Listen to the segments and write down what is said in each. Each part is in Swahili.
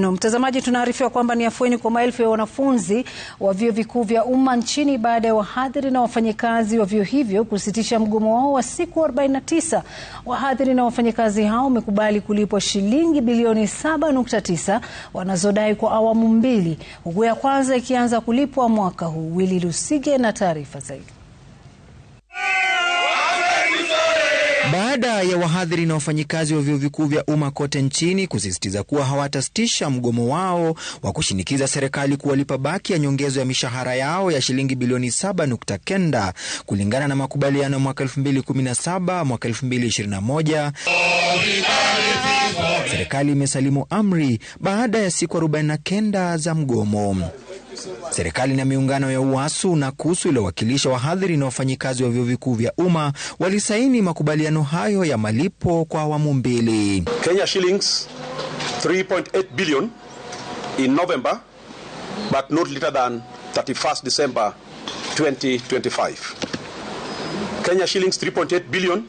No, mtazamaji tunaarifiwa kwamba ni afueni kwa maelfu ya wanafunzi wa vyuo vikuu vya umma nchini baada ya wahadhiri na wafanyikazi wa vyuo hivyo kusitisha mgomo wao wa siku 49. Wahadhiri na wafanyikazi hao wamekubali kulipwa shilingi bilioni 7.9 wanazodai kwa awamu mbili, huku ya kwanza ikianza kulipwa mwaka huu. wili Lusige na taarifa zaidi. baada ya wahadhiri na wafanyikazi wa vyuo vikuu vya umma kote nchini kusisitiza kuwa hawatasitisha mgomo wao wa kushinikiza serikali kuwalipa baki ya nyongezo ya mishahara yao ya shilingi bilioni 7.9 kulingana na makubaliano ya mwaka 2017 mwaka 2021. Serikali imesalimu amri baada ya siku 49 za mgomo. Serikali na miungano ya UASU na KUSU iliyowakilisha wahadhiri na wafanyikazi wa vyuo vikuu vya umma walisaini makubaliano hayo ya malipo kwa awamu mbili. Kenya shillings 3.8 billion in November but not later than 31st December 2025. Kenya shillings 3.8 billion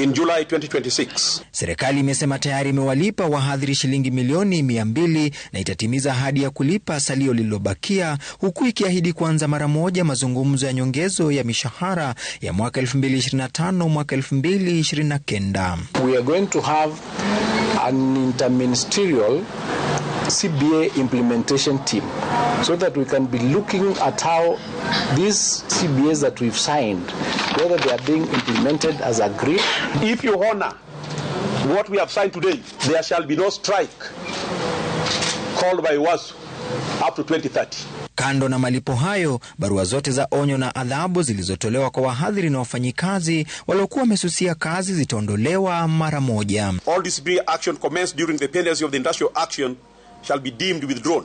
in July 2026. Serikali imesema tayari imewalipa wahadhiri shilingi milioni 200 na itatimiza ahadi ya kulipa salio lililobakia huku ikiahidi kuanza mara moja mazungumzo ya nyongezo ya mishahara ya mwaka 2025 mwaka 2029. We are going to have an interministerial CBA implementation team so that we can be looking at how these CBAs that we've signed, whether they are being implemented as agreed. If you honor what we have signed today, there shall be no strike called by WASU up to 2030. Kando na malipo hayo, barua zote za onyo na adhabu zilizotolewa kwa wahadhiri na wafanyikazi waliokuwa wamesusia kazi zitaondolewa mara moja. All disciplinary action commenced during the pendency of the industrial action shall be deemed withdrawn.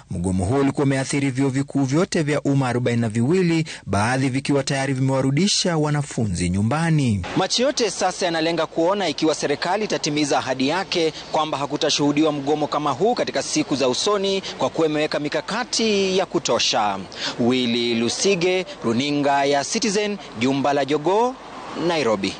Mgomo huo ulikuwa umeathiri vyuo vikuu vyote vya umma arobaini na viwili, baadhi vikiwa tayari vimewarudisha wanafunzi nyumbani. Macho yote sasa yanalenga kuona ikiwa serikali itatimiza ahadi yake kwamba hakutashuhudiwa mgomo kama huu katika siku za usoni, kwa kuwa imeweka mikakati ya kutosha. Willy Lusige, runinga ya Citizen, jumba la Jogoo, Nairobi.